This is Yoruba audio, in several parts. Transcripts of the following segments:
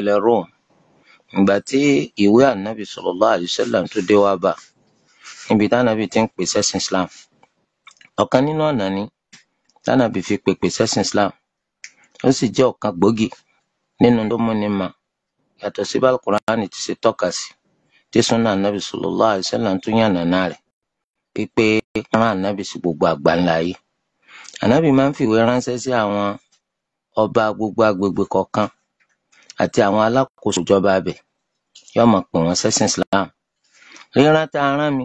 ilẹ̀ Rome ìgbà tí ìwé ànábì sọ̀rọ̀ alayhi wa tó dé bá níbi tánábì ti ń pè sẹ́sìn Islam ọ̀kan nínú ọ̀nà ni tánábì fi pè sẹ́sìn Islam ó sì jẹ́ ọ̀kan gbòógì nínú tó múni mà yàtọ̀ sí bí ti tọ́ka sí tí ànábì sọ̀rọ̀ tó yàn nàná rẹ̀ pípé rán ànábì gbogbo àgbáńlá ànábì máa ń fìwé ránṣẹ́ sí àti àwọn alákòóso ìjọba abẹ̀ yóò máa pè wọ́n sẹ́sìn Islam rírán tá a rán mi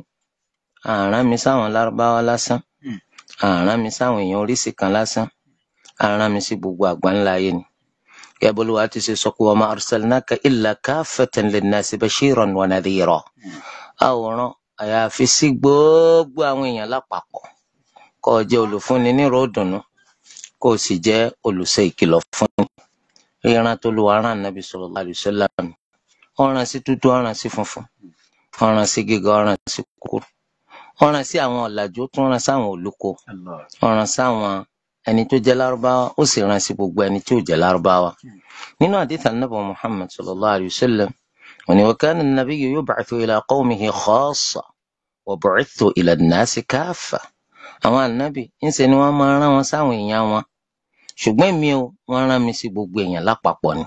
àrán mi sáwọn lárúbáwá lásán àrán mi sáwọn èèyàn oríṣi kan lásán àrán mi sí gbogbo àgbáńlá ayé ni yabolowó àti ṣe sọ pé wa ma arsalnaka illa kaffatan linnasi bashiran wa nadhira àwòrán àyàfi sí gbogbo àwọn èèyàn lápapọ̀ kó o jẹ́ olùfúnni nírò òdùnnú kó o sì jẹ́ olùṣe ìkìlọ̀ fún ìran tó lu àràn nàbì sallallahu alaihi wasallam ọ̀ràn sí dúdú ọ̀ràn sí funfun ọ̀ràn sí gíga ọ̀ràn sí kúkúrú ọ̀ràn sí àwọn ọ̀làjú ó tún ràn sáwọn olóko ọ̀ràn sáwọn ẹni tó jẹ́ lárúbáwá ó sì ràn sí gbogbo ẹni tí ò jẹ́ lárúbáwá nínú àdìtà nàbà Muhammad sallallahu alaihi wasallam òní wa kana an-nabiyyu yub'athu ila qawmihi khassa wa bu'ithtu ila an àwọn ànábì ńṣe ṣùgbọ́n èmi o wọ́n rán mi sí gbogbo èèyàn lápapọ̀ ni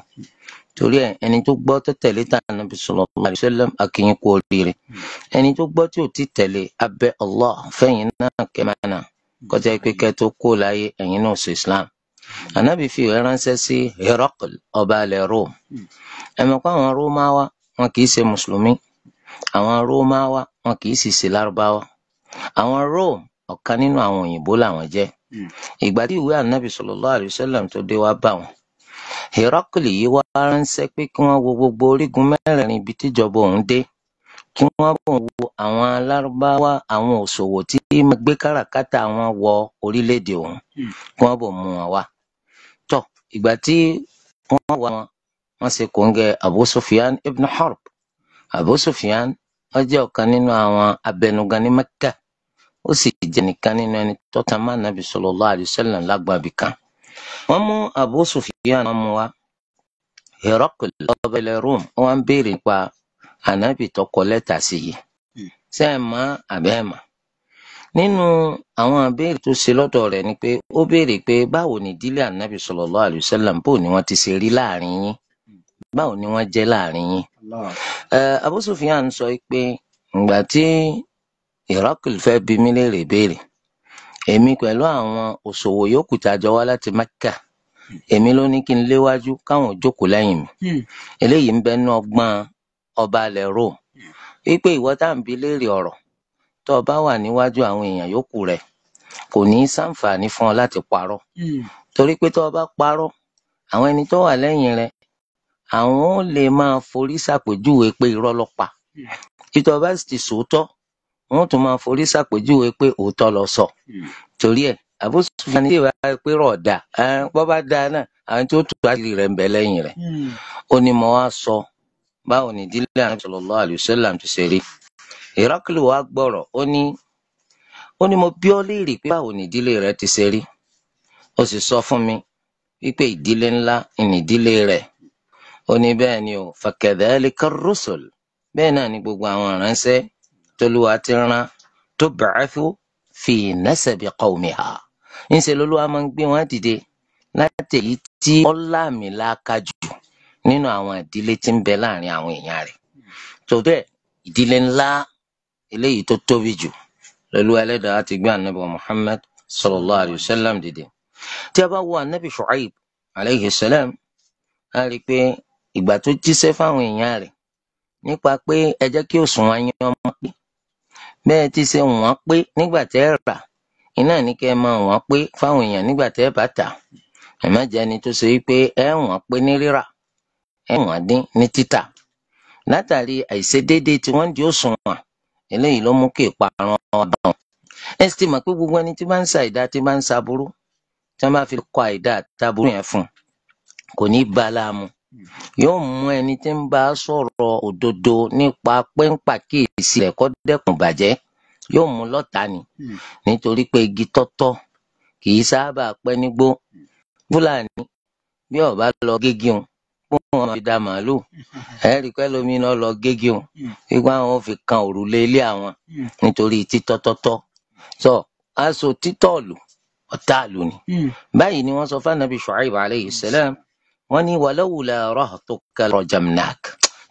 torí ẹ ẹni tó gbọ́ tó tẹ̀lé tà nàbì sallallahu alaihi wasallam akínyìn kú oríire ẹni tó gbọ́ tí ò ti tẹ̀lé abẹ́ Allah fẹ̀yìn náà kẹ́mánà kọjá pé kẹ́ tó kó láyé ẹ̀yìn náà sọ Islam ànábì fi ìwé ránṣẹ́ sí Herakl ọba ilẹ̀ Rome ẹ̀mọ̀ pé àwọn Rómáwá wọn kì í ṣe mùsùlùmí àwọn Rómáwá wọn kì í sì ṣe lárúbáwá àwọn Rome ọ̀kan nínú àwọn òyìnbó làwọn jẹ́ Ìgbà tí ìwé ànábì sallallahu alaihi wasallam tó dé wá bá wọn, Hẹ̀rákùlì yìí wá ránṣẹ́ pé kí wọ́n wo gbogbo orígun mẹ́rẹ̀ẹ̀rin ibi tíjọba òun dé kí wọ́n bọ̀ wo àwọn alárúbáwá àwọn òṣòwò tí máa gbé káràkátà wọn wọ orílẹ̀-èdè òun kí wọ́n bọ̀ mú wọn wá. tọ́ ìgbà tí wọ́n wá wọn wọ́n ṣe kòńgẹ́ Abu Sufyan ibn Harb Abu Sufyan ó jẹ́ ọ̀kan nínú àwọn abẹnugan ní Mẹ́kà ó sì jẹ́ nìkan nínú ẹni tọ́ta tan mọ́ Ànábì sallallahu alayhi wa wọ́n mú Abu Sufyan wọ́n wa Herakl ọba ilẹ̀ Rome wọ́n ń béèrè nípa Ànábì tọkọ lẹ́tà sí yìí hmm. ṣé ẹ mọ̀ àbẹ́ ẹ̀ mọ̀ nínú àwọn àbẹ́rẹ́ tó ṣe lọ́dọ̀ rẹ̀ ni pé ó béèrè pé báwo ni ìdílé Ànábì sallallahu alayhi wa sallam bò ni wọ́n ti ṣe rí láàrin yín hmm. báwo ni wọ́n jẹ́ láàrin yín. Eh, Abu Sufyan sọ pé ìgbà tí Ìrákìlì fẹ́ bi mí léèrè ìbéèrè. Èmi pẹ̀lú àwọn òṣòwò yòókù tá a jọ wá láti Mẹ́kà, èmi ló ní kí n léwájú káwọn jókòó lẹ́yìn mi. Hmm. Eléyìí ń bẹ nínú ọgbọ́n ọba ilẹ̀ Rome. Hmm. Wípé ìwọ tá à ń bi léèrè ọ̀rọ̀, tó o bá wà níwájú àwọn èèyàn yòókù rẹ, kò ní sàǹfààní fún ọ láti parọ́. Hmm. Torí pé tó o bá parọ́, àwọn ẹni tó wà lẹ́yìn rẹ, àwọn ó lè máa forí ṣàpèjúwe pé irọ́ ló pa. Tí o bá sì ti sòótọ́, wọ́n tún máa forí ṣàpèjúwe pé òótọ́ lọ sọ hmm. torí ẹ̀ Abu Sufyan tí ìwà pé rọ̀ọ̀dà bọ́ bá da náà àwọn tí ó tù wájú rẹ̀ ń bẹ lẹ́yìn rẹ̀ hmm. ó ní mo wá sọ báwo ni ìdílé àwọn sallallahu alaihi wasallam ti ṣe rí Ìrákìlù wa gbọ́rọ̀ ó ní ó ní mo bi ọ́ léèrè pé báwo ni ìdílé rẹ ti ṣe rí ó sì sọ fún mi wípé ìdílé ńlá ni ìdílé rẹ ó ní bẹ́ẹ̀ ni o fakadhalika ar bẹ́ẹ̀ náà ni gbogbo àwọn ìránṣẹ́ tolúwa ti rán tub'athu fi nasabi qawmiha ńṣe lolúwa máa ń gbé wọn dìde láti èyí tí ọlámi láka jù nínú àwọn ìdílé tí ń bẹ láàrin àwọn èèyàn rẹ̀ tó bẹ́ẹ̀ ìdílé ńlá eléyìí tó tóbi jù lolúwa Ẹlẹ́dàá ti gbé ànábì Muhammad sallallahu alayhi dìde tí a bá wo ànábì Shu'aib alayhi salam a rí i pé ìgbà tó jíṣẹ́ fáwọn èèyàn rẹ̀ nípa pé ẹ jẹ́ kí òṣùwọ̀n ayé ọmọ pé bẹ́ ẹ ti ṣe wọ̀n wọ́n pé nígbà tẹ́ ẹ rà in náà ni kẹ́ ẹ máa wọ̀n pé fáwọn èèyàn nígbà tẹ́ ẹ bá tà ẹ má jẹ́ ẹni tó ṣe wípé ẹ wọ̀n pé ní rírà ẹ wọ̀n dín ní títà látàrí àìṣedéédéé tí wọ́n di òṣùwọ̀n eléyìí ló mú kí ìparun ọba wọn. ẹ sì ti mọ̀ pé gbogbo ẹni tí bá ń sa tí bá ń sa tí wọ́n bá fi kọ àìdá àtàbúrú yẹn fún kò ní bá a láàmú Yóò mú ẹni tí ń bá a sọ̀rọ̀ òdodo nípa pé ń pàkíyèsí rẹ̀ kó dẹ́kun ìbàjẹ́, yóò mú lọ́tàá ni. Hmm. Nítorí pé igi tọ́tọ́ kì í sábà pẹ́ nígbó. Fúlàní bí ò bá lọ gégi un, pé wọ́n máa fi da màálù. Hmm. Ẹ rí i pé ẹlòmíì náà lọ gégi hmm. wípé àwọn fi kan òrùlé ilé àwọn nítorí títọ́ tọ́tọ́. So aṣọ títọ́ ìlú, ọ̀tá ìlú ni. Báyìí ni wọ́n sọ fún Ànábì Ṣuaib alayhi salam wọ́n ní walaw la rahtuka larajamnak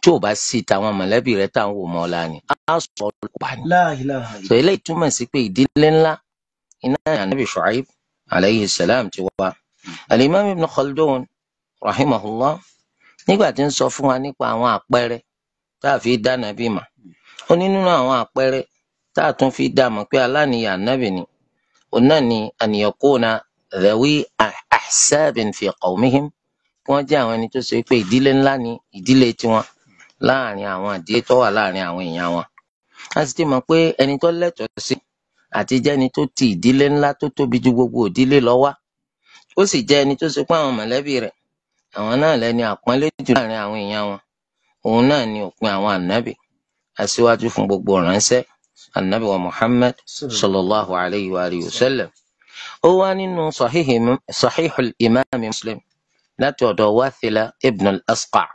tí ò bá sí tàwọn mọ̀lẹ́bí rẹ̀ táwọn wò mọ́ ọ́ la ni á sọ ọ́ la ni. sọ eléyìí túmọ̀ sí pé ìdílé ńlá iná ànábì Shu'aib alayhi salam ti wá. alimami ibn Khaldun rahimahullah nígbà tí ń sọ fún wa nípa àwọn àpẹẹrẹ tá a fi dá nàbì mà ó ní nínú àwọn àpẹẹrẹ tá a tún fi dá mọ̀ pé aláníyà nàbì ni òun náà ni an yakuna dhawi ahsabin fi qawmihim wọ́n jẹ́ àwọn ẹni tó ṣe pé ìdílé ńlá ni ìdílé tiwọn láàrin àwọn ìdílé tó wà láàrin àwọn èèyàn wọn. a sì ti mọ̀ pé ẹni tó lẹ́tọ̀ọ́ sí àti jẹ́ ẹni tó ti ìdílé ńlá tó tóbi ju gbogbo ìdílé lọ wá ó sì jẹ́ ẹni tó ṣe pé àwọn mọ̀lẹ́bí rẹ̀ àwọn náà lẹni àpọ́nlé jù láàrin àwọn èèyàn wọn òun náà ni òpin àwọn ànábì aṣíwájú fún gbogbo ránṣẹ́ ànábì wa Muhammad sallallahu alayhi wa sallam ó wá nínú sahihul imáàmì Muslim نتو دواثلة ابن الأسقع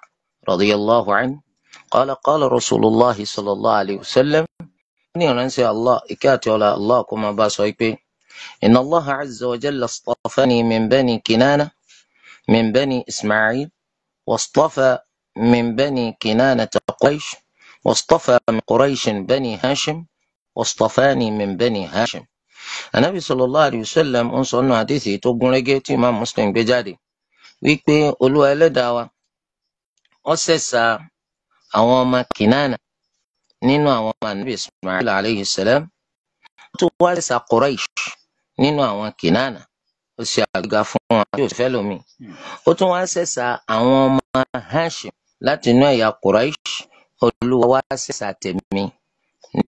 رضي الله عنه قال قال رسول الله صلى الله عليه وسلم أني أنسى الله إكات ولا الله كما باسويبي إن الله عز وجل اصطفني من بني كنانة من بني إسماعيل واصطفى من بني كنانة قريش واصطفى من قريش بني هاشم واصطفاني من بني هاشم النبي صلى الله عليه وسلم أنصر أنه حديثي توقن لقيت إمام مسلم بجادي wípé Olúwa Ẹlẹ́dàá wa ó sẹ̀sà àwọn ọmọ Kìnánà nínú àwọn ọmọ ànábì Ismail alayhi salam ó wá sẹ̀sà Quraysh nínú àwọn Kìnánà ó ṣe àgbéga fún wọn àti òṣìfẹ́ lomi ó tún wá sẹ̀sà àwọn ọmọ Hashim láti inú ẹ̀yà Quraysh Olúwa wá sẹ̀sà tèmi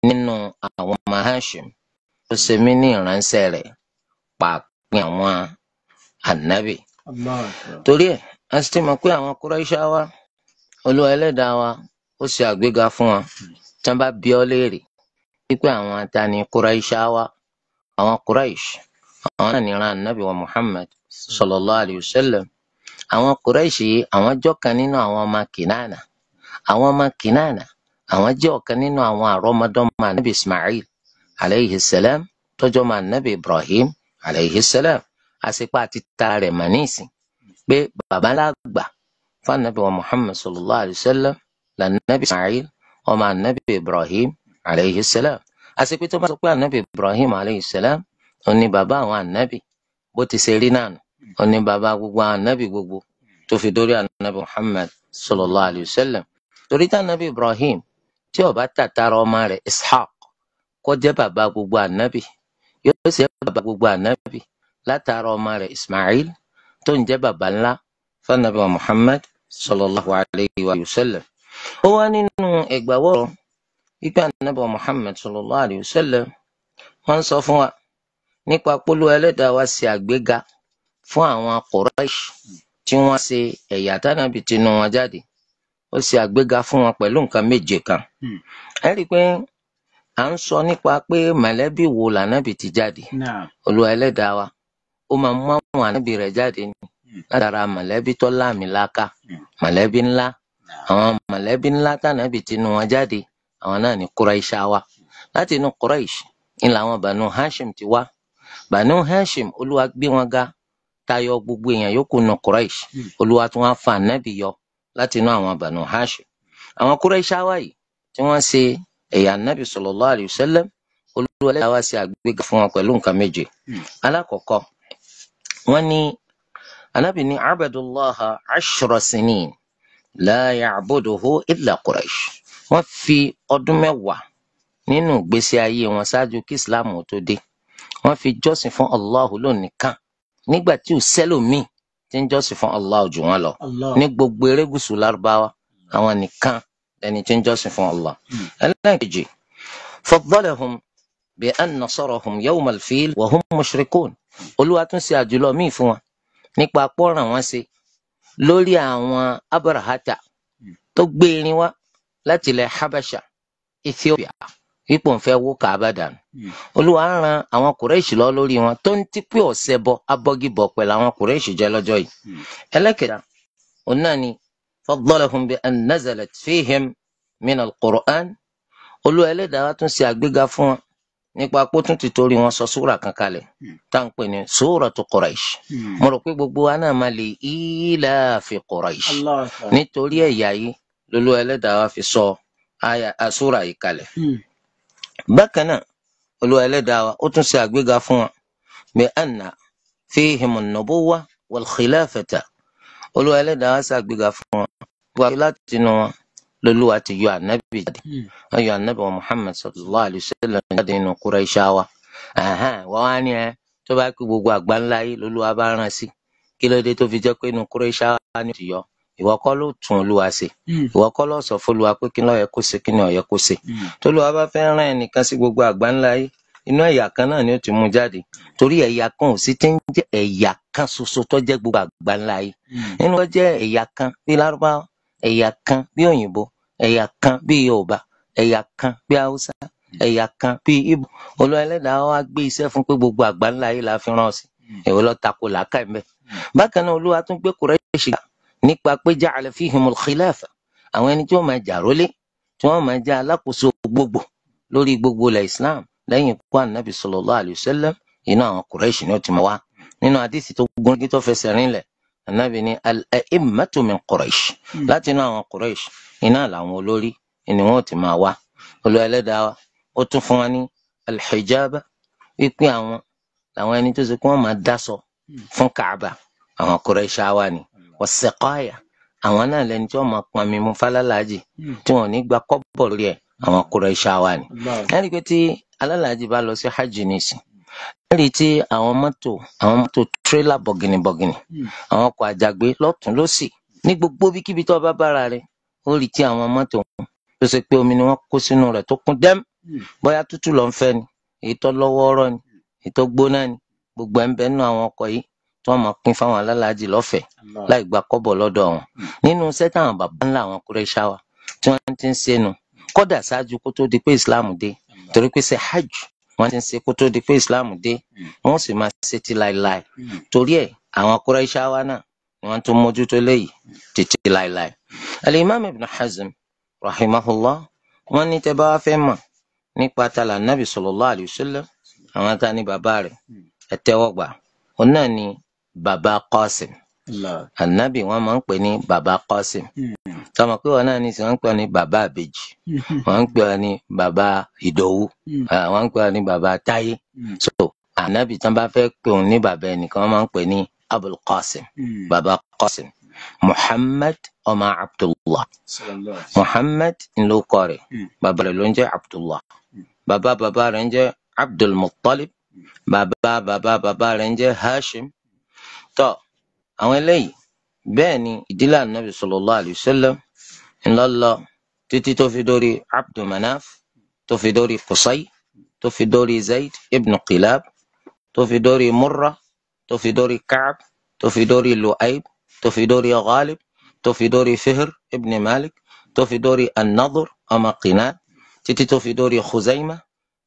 nínú àwọn ọmọ Hashim ó ṣe mí ní ìránṣẹ́ rẹ̀ pàápín àwọn ànábì torí ẹ̀ a sì ti mọ̀ pé àwọn kúrẹ́ṣà wa olúwa ẹlẹ́dàá wa ó ṣe àgbéga fún wa tí wọ́n bá bi ọ́ léèrè wípé àwọn atani kúrẹ́ṣà wa àwọn kúrẹ́ṣ àwọn náà ní ran anabi wa Muhammad sallallahu alayhi wa sallam àwọn kúrẹ́ṣ yìí àwọn jọ kan nínú àwọn ọmọ kìnnàna àwọn ọmọ kìnnàna àwọn jẹ́ ọ̀kan nínú àwọn àrọ́mọdọ́mọ anabi Ismail alayhi salam tọ́jọ́ anabi Ibrahim alayhi salam àṣepá àti tara rẹ̀ mà ní ìsìn pé bàbá lágbà fanabi wa muhammad sallallahu alayhi wa sallam lànàbì ismail ọmọ anabi ibrahim alayhi salam àṣepé tó bá sọ pé anabi ibrahim alayhi salam ó ní bàbá àwọn anabi bó ti ṣe rí náà nù ó ní bàbá gbogbo àwọn anabi gbogbo tó fi dórí anabi muhammad sallallahu alayhi wa sallam torí tá anabi ibrahim tí ó tàtàrà ọmọ rẹ̀ ishaq kó bàbá gbogbo anabi yóò ṣe bàbá gbogbo anabi látara ọmọ rẹ̀ Ismail tó ń jẹ́ bàbá ńlá fanabi Muhammad sallallahu alayhi wa sallam ó wá nínú ẹgbàwọrọ ipa anabi Muhammad sallallahu alayhi wa sallam wọ́n ń sọ fún wa nípa polú ẹlẹ́dàá wa ṣe àgbéga fún àwọn Quraysh tí wọ́n ṣe ẹ̀yà tánàbì tinú wọn jáde ó ṣe àgbéga fún wọn pẹ̀lú nǹkan méje kan hmm. ẹ rí i pé à ń sọ nípa pé mọ̀lẹ́bí wo lànàbì ti jáde olú ẹlẹ́dàá wa ó máa mú àwọn ànábì rẹ̀ jáde ni hmm. látara mọ̀lẹ́bí tó láàmìlaka hmm. mọ̀lẹ́bí ńlá àwọn mọ̀lẹ́bí ńlá tànàbì tinú wọn jáde àwọn náà ní Quraish wa láti inú Quraish ni làwọn Banu Hashim ti wá Banu Hashim olúwa gbé wọn ga tayọ gbogbo èèyàn yòókù nù Quraish hmm. olúwa tún wá fa ànábì yọ láti inú àwọn Banu Hashim àwọn Quraish wa yìí tí wọ́n ṣe ẹ̀yà ànábì sallallahu alayhi olúwa lẹ́yìn àwa ṣe àgbéga fún wọn pẹ̀lú nǹkan méje alákọ̀ọ́kọ́ wọ́n ní anábì ní abadullaha ashra sinin la ya'buduhu illa quraish wọ́n fi ọdún mẹ́wàá nínú ìgbésí ayé wọn ṣáájú kí islam tó dé wọ́n fi jọ́sìn fún allahu lónìkan nígbà tí ò sẹ́lòmíì tí ń jọ́sìn fún allah jù wọ́n lọ ní gbogbo erégùsù lárúbáwá àwọn nìkan ẹni tí ń jọ́sìn fún allah. Hmm. ẹlẹ́kejì faddalahum bi an nasarahum yawmal fil wa hum mushrikun olúwa tún ṣe àjùlọ míì fún wọn nípa pọ́ràn wọn ṣe lórí àwọn abrahata tó gbé irin wá láti ilẹ̀ habasha ethiopia ipò nfẹ́ wó kaaba dànù olúwa ń ran àwọn kùrẹ́ṣì lọ lórí wọn tó ń ti pé ọ̀sẹ̀ bọ abọ́gibọ̀ pẹ̀lú àwọn kùrẹ́ṣì jẹ́ lọ́jọ́ yìí ẹlẹ́kẹ̀dá òun náà ni faddalahum bi an nazalat fihim min olúwa ẹlẹ́dàá tún ṣe àgbéga fún wọn nípa pé ó tún ti torí wọn sọ súrà kan kalẹ̀ hmm. tá à ń pè ní Suratu Quraish hmm. mo rò pé gbogbo wa náà máa lè ilafi Quraish nítorí ẹ̀yà yìí lólú ẹlẹ́dàá wa fi sọ àsúrà yìí kalẹ̀. Hmm. bákan náà olú ẹlẹ́dàá wa ó tún ṣe àgbéga fún wa bi anna fihim an-nubuwwa wal-khilafata olú ẹlẹ́dàá wa ṣe àgbéga fún wa wà láti nu wọn lọ́lọ́wà ti yọ ànábì jáde hmm. wọ́n yọ ànábì wa Muhammad sallallahu alayhi wa sallam jáde nínú Qurayshawa wọ́n wá ní ẹ tó bá kí gbogbo àgbáńlá yìí lọ́lọ́wà bá rán sí kí ló dé tó fi jẹ́ pé inú Qurayshawa ni ti yọ ìwọ kọ́ ló tún olúwa ṣe hmm. ìwọ kọ́ ló sọ fún olúwa pé kí ló yẹ kó ṣe kí ni ó yẹ kó ṣe hmm. tólúwa bá fẹ́ rán ẹnìkan sí gbogbo àgbáńlá yìí inú ẹ̀yà kan náà ni ó ti mú jáde torí ẹ̀yà kan ò sí ti ń jẹ́ ẹ̀yà kan ṣoṣo tó jẹ́ gbogbo àgbáńlá yìí nínú ó jẹ́ ẹ̀yà kan bí lárúbáwá ẹ̀yà kan bí òyìnbó ẹ̀yà kan bí yorùbá ẹ̀yà kan bí haúsá ẹ̀yà kan bí ibo olú ẹlẹ́dàá wa gbé iṣẹ́ fún pé gbogbo àgbà ńlá yìí la fi rán sí hmm. èwo ló tako làákàyè mẹ́. Hmm. bákan náà olúwa tún gbé Quraysh ga nípa pé ja'ala fihimul khilafa àwọn ẹni tí wọ́n máa jà rólé tí wọ́n máa jẹ́ alákòóso gbogbo lórí gbogbo ilẹ̀ Islam lẹ́yìn ikú ànábì sallallahu alayhi inú àwọn Quraysh ni ó ti mọ̀ wá nínú àdìsí tó gún tó fẹsẹ̀ rinlẹ̀ anabi ní al-a'immatu min Quraysh hmm. láti inú àwọn Quraysh iná làwọn olórí ni wọn ti máa wá Olúwa Ẹlẹ́dàá wa ó tún fún wa ní al-hijaba wípé àwọn làwọn ẹni tó ṣe kí wọn máa dáṣọ hmm. fún Kaaba àwọn Quraysh wa ni was-siqaya àwọn náà lẹni tí wọn máa pọnmi mu falálàájì hmm. tí wọn ò ní gba kọ́bọ̀ lórí ẹ̀ àwọn Quraysh wa ni. ẹ pé tí alálàájì bá lọ sí hajj nìsín ẹ rí i tí àwọn mọ́tò àwọn mọ́tò tírélà bọ̀gìnìbọ̀gìnì hmm. àwọn ọkọ̀ àjàgbé lọ́tún lọ́sì ní gbogbo bíkíbi tó bá bára rẹ̀ ó rí i tí àwọn mọ́tò tó ṣe pé omi ni wọ́n kó sínú rẹ̀ tó kún dẹ́m hmm. bóyá tútù ló ń fẹ́ ni èyí tó lọ́wọ́ ọ̀rọ̀ ni èyí tó gbóná ni gbogbo ẹ̀ ń bẹ nínú àwọn ọkọ̀ yìí tí wọ́n máa pín fáwọn alálàájì lọ́fẹ̀ẹ́ láì gba kọ́bọ̀ lọ́dọ̀ wọn hmm. nínú iṣẹ́ táwọn Islam dé torí pé hajj wọ́n ti ń ṣe kó tó di pé islam dé hmm. wọ́n sì máa ṣe ti láéláé hmm. torí ẹ̀ àwọn kúrẹ́ṣáwá náà ni wọ́n tún mójútó léyìí hmm. títí láéláé. alimami ibn hazm rahimahullah wọ́n ní tẹ́ bá wá fẹ́ mọ̀ nípa tala nabi sallallahu alayhi sallam àwọn ta ni bàbá rẹ̀ ẹ̀tẹ́wọ́gbà òun náà ni bàbá qasim ànábì wọn máa ń pè ní baba Qasim hmm. tọmọ pé wọn náà ní sọ wọn ń pè ọ ní baba Àbèjì hmm. wọn ń pè ọ ní baba Ìdòwú hmm. ah, wọn ń pè ọ ní baba Táyé so ànábì tán bá fẹ́ pè òun ní baba ẹnìkan wọn máa ń pè ní Abul Qasim baba Qasim Muhammad ọmọ Abdullah Muhammad ló kọ rẹ̀ baba rẹ̀ ló ń jẹ́ Abdullah baba baba rẹ̀ ń jẹ́ Abdul baba baba baba rẹ̀ ń jẹ́ Hashim tó. So, àwọn eléyìí bẹ́ẹ̀ ni ìdílé anabi sallallahu alayhi wa sallam ńlọlọ títí tó fi dórí abdu manaf tó fi dórí qusay tó fi dórí zayd ibn qilab tó fi dórí murra tó fi dórí kaab tó fi dórí lu'ayb tó fi dórí ghalib tó fi dórí fihr ibn malik tó fi dórí an-nadhr ọmọ qinan títí tó fi dórí khuzaima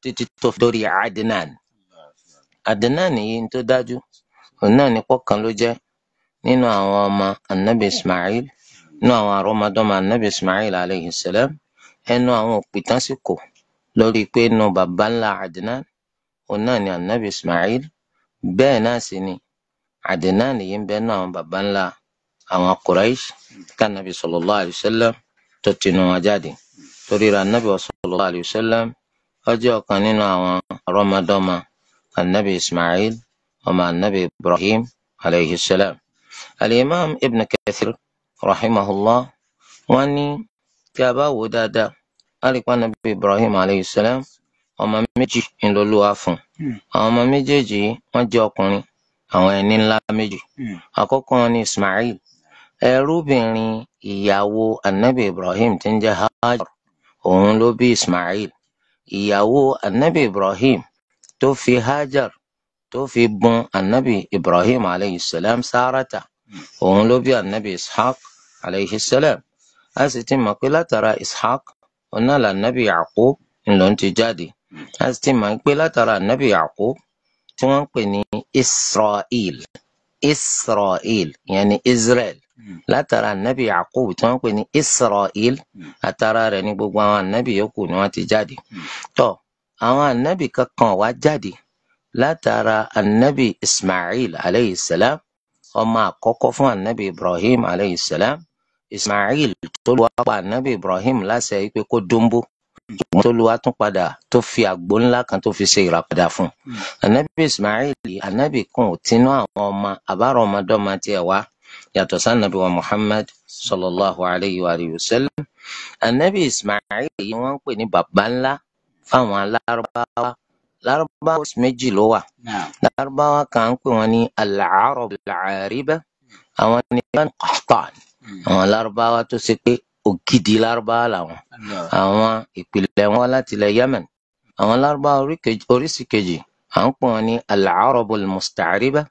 títí tó fi dórí adnan adnan yìí tó dájú òun ní pọkàn ló jẹ́ nínú àwọn ọmọ anabi ismail nínú àwọn àrọmọdọ́mọ anabi ismail alayhi salam ẹnu àwọn òpìtàn sì kò lórí pé inú baba ńlá adnan òun náà ni anabi ismail bẹ́ẹ̀ náà sì ni adnan yìí ń bẹ nínú àwọn baba ńlá àwọn quraish tànàbí sallallahu alayhi wasallam tó tinú wọn jáde torí ra anabi sallallahu alayhi wasallam ó jẹ́ nínú àwọn àrọmọdọ́mọ anabi ismail ọmọ anabi ibrahim alayhi salam. Al-Imam Ibn Kathir rahimahullah wọ́n ní tí a bá wò ó dáadáa á rí i pé Ànábì Ibrahim alayhi salam ọmọ méjì ńlọlọ́wà fún hmm. àwọn ọmọ méjèèjì wọ́n jẹ́ ọkùnrin àwọn ẹni ńlá méjì hmm. àkọ́kọ́ wọn ni Ismail ẹrúbìnrin ìyàwó Ànábì Ibrahim tí ń jẹ́ Hajar òun ló bí Ismail ìyàwó Ànábì Ibrahim tó fi Hajar tó fi bùn Ànábì Ibrahim alayhi salam Sárátà òun ló bí anabi ishaq alayhi salam a sì ti mọ̀ pé látara ishaq ọ̀nà là anabi yaqub ńlọ ti jáde a sì ti mọ̀ pé látara anabi yaqub tí wọ́n ń pè ní israel israel ìyẹn ni israel látara anabi yaqub tí wọ́n ń pè ní israel àtara rẹ̀ ní gbogbo àwọn anabi yòókù ni wọ́n ti jáde tó àwọn anabi kankan wá jáde látara anabi ismail alayhi salam ọmọ àkọ́kọ́ fún ànábì Ibrahim alayhi salam Ismail tó lu apá ànábì Ibrahim láṣẹ pé kó dóńbó tó lu atún padà tó fi àgbo ńlá kan tó fi ṣe ìràpadà fún un ànábì Ismail ànábì kan ò tinú àwọn ọmọ àbárò ọmọdọ́mọ tiẹ̀ wá yàtọ̀ sí ànábì wa Muhammad sallallahu alayhi wa sallam ànábì Ismail yìí wọ́n ń pè ní baba ńlá fáwọn alárúbáwá Lárúbáwá oríṣi méjì ló wà. Lárúbáwá kan à ń pè wọ́n ní al-Arab al-Ariba, àwọn ni Banu Qahtan. Hmm. Àwọn Lárúbáwá tó ṣe pé ògidì Lárúbáwá làwọn. Àwọn ìpìlẹ̀ wọn láti ilẹ̀ Yemen. Àwọn Lárúbáwá oríṣi kejì à ń pè wọ́n ní al-Arab al-Musta'ariba.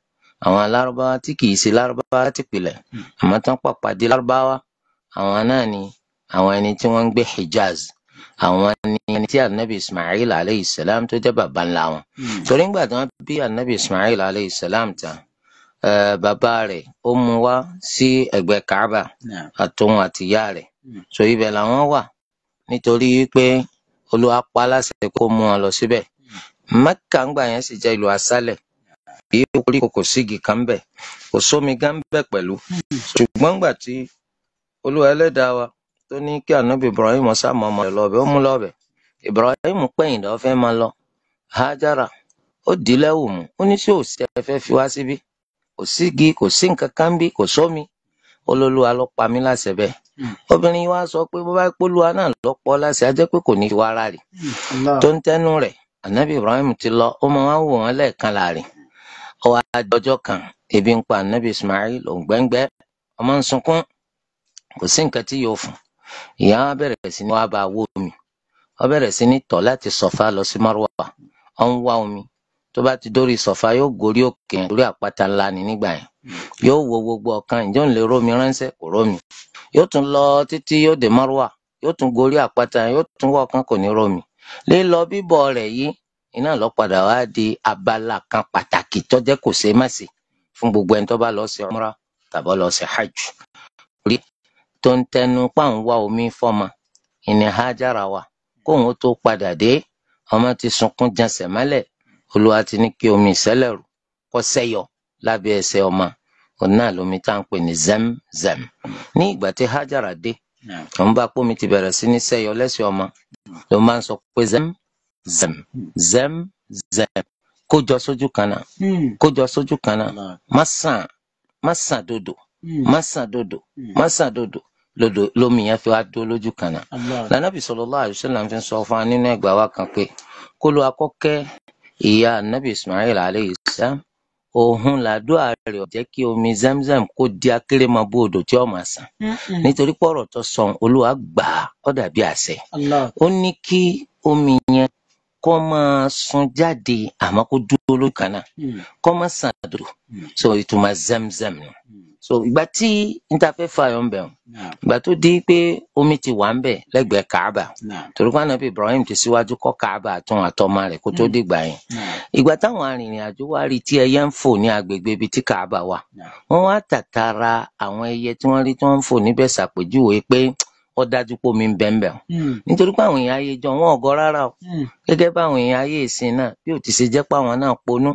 Àwọn Lárúbáwá tí kìí ṣe Lárúbáwá láti ìpìlẹ̀, hmm. àmọ́ tán pàpà di Àwọn náà ni àwọn ẹni tí wọ́n ń gbé Hijaz àwọn ni ẹni tí anabi ismail aleyhi salam tó jẹ́ baba ńlá wọn torí hmm. ńgbà tí wọ́n bí anabi ismail aleyhi salam tán bàbá rẹ̀ ó mú wá sí ẹ̀gbẹ́ kaaba àtòun àtìyá rẹ̀ hmm. so ibẹ̀ làwọn wà nítorí pé olúwa pa láṣẹ kó mú wọn lọ síbẹ̀ hmm. mẹ́kà ńgbà yẹn sì jẹ́ ìlú aṣálẹ̀ kìí orí kò sígi kan bẹ̀ kò sómi gan bẹ̀ pẹ̀lú ṣùgbọ́n ńgbà tí olúwa ẹlẹ́dàá wa tó ní kí ànábì Ibrahim sàmọ́ ọmọ rẹ̀ lọ́bẹ̀ ó mú lọ́bẹ̀ Ibrahim pẹ̀yìn lọ́ fẹ́ máa lọ Hajara ó dì í lẹ́wù mú ó ní sí òsì ẹ fẹ́ fi wá síbí kò sígi kò sí nǹkan kan bí kò sómi olólùwà ló pa mí láṣẹ bẹ́ẹ̀ obìnrin wa sọ pé bó bá polúwa náà lọ pọ láṣẹ á pé kò ní wá ara rẹ̀ tó ń tẹnu rẹ̀ ànábì Ibrahim ti lọ ó máa wá wò wọn lẹ́ẹ̀kan láàrin ó wá dọjọ́ kan ebi ń pa ànábì Ismail òǹgbẹ́ngbẹ́ ọmọ ń sunkún kò sí nǹkan tí yóò fún ìyá wa bẹ̀rẹ̀ sí ní wá bá a wá omi ó bẹ̀rẹ̀ sí ní tọ̀ láti sọ̀fà lọ sí márùwà ó ń wá omi tó bá ti dórí sọ̀fà yóò gorí òkè yẹn lórí àpáta ńlá ni nígbà yẹn yóò wo gbogbo ọ̀kan ìjọ ń lè rómi ránṣẹ́ kò rómi yóò tún lọ títí yóò dé márùwà yóò tún gorí àpáta yóò tún wọ ọ̀kan kò ní rómi lílọ bíbọ̀ rẹ̀ yìí iná lọ padà wá di abala kan pàtàkì tó jẹ́ kò ṣeé má ṣe fún gbogbo ẹni tó bá lọ sí umrah tàbí lọ sí hajj tó ń tẹnu páwọn wá omi fọ́mọ ìní Hajara wà kóun ó tó padà dé ọmọ ti sunkún jẹsẹ̀ mọ́lẹ̀ olúwa ti ní kí omi ìṣẹ̀lẹ̀ rù kó sẹ́yọ lábẹ́ ẹsẹ̀ ọmọ òun náà lomi tá à ń pè ní zemzem ní ìgbà tí Hajara dé òun bá pómi ti bẹ̀rẹ̀ sí ní sẹ́yọ lẹ́sẹ̀ ọmọ ló máa ń sọ pé zemzem zemzem kójọ sójú kan hmm. kójọ sójú kan hmm. má sàn má sàn dodo hmm. má sàn dodo má sàn dodo lómi yẹn fi wá dúró lójú kan náà lànàbì sallallahu alaihi wasallam fi sọ fún wa nínú ẹgbà wa kan pé kó ló akọkẹ ìyá anabi ismail alayhi salam òun làdúrà rẹ̀ ó jẹ́ kí omi zamzam kó di akérèmọbú odò tí ó máa sàn nítorí pọ̀rọ̀ tó sọ olúwa gbà ó dàbí àṣẹ ó ní kí omi yẹn kó máa sun jáde àmọ́ kó dúró lójú kan náà mm. máa sàn dò mm. so ìtumọ̀ zamzam nù. Mm so ìgbà tí interfaith fire ń bẹ̀ ọ́ ìgbà tó di pé omi ti wà ń bẹ̀ lẹ́gbẹ̀ẹ́ kaaba torí pé anabi ibrahim ti síwájú kọ́ kaaba àtún àtọmọ rẹ̀ kó tó dìgbà yẹn ìgbà táwọn arìnrìn-àjò wá rí tí ẹyẹ ń fò ní agbègbè ibi tí kaaba wà wọ́n wá tàtàrà àwọn ẹyẹ tí wọ́n rí tí wọ́n ń fò níbẹ̀ ṣàpèjúwe pé ó dájú pé omi ń bẹ ń bẹ hmm. nítorí pé àwọn èèyàn ayé jọ wọn ọgọ rárá o hmm. gẹ́gẹ́ bá àwọn èèyàn ayé ìsìn náà bí ò ti ṣe jẹ́ pé àwọn náà ponú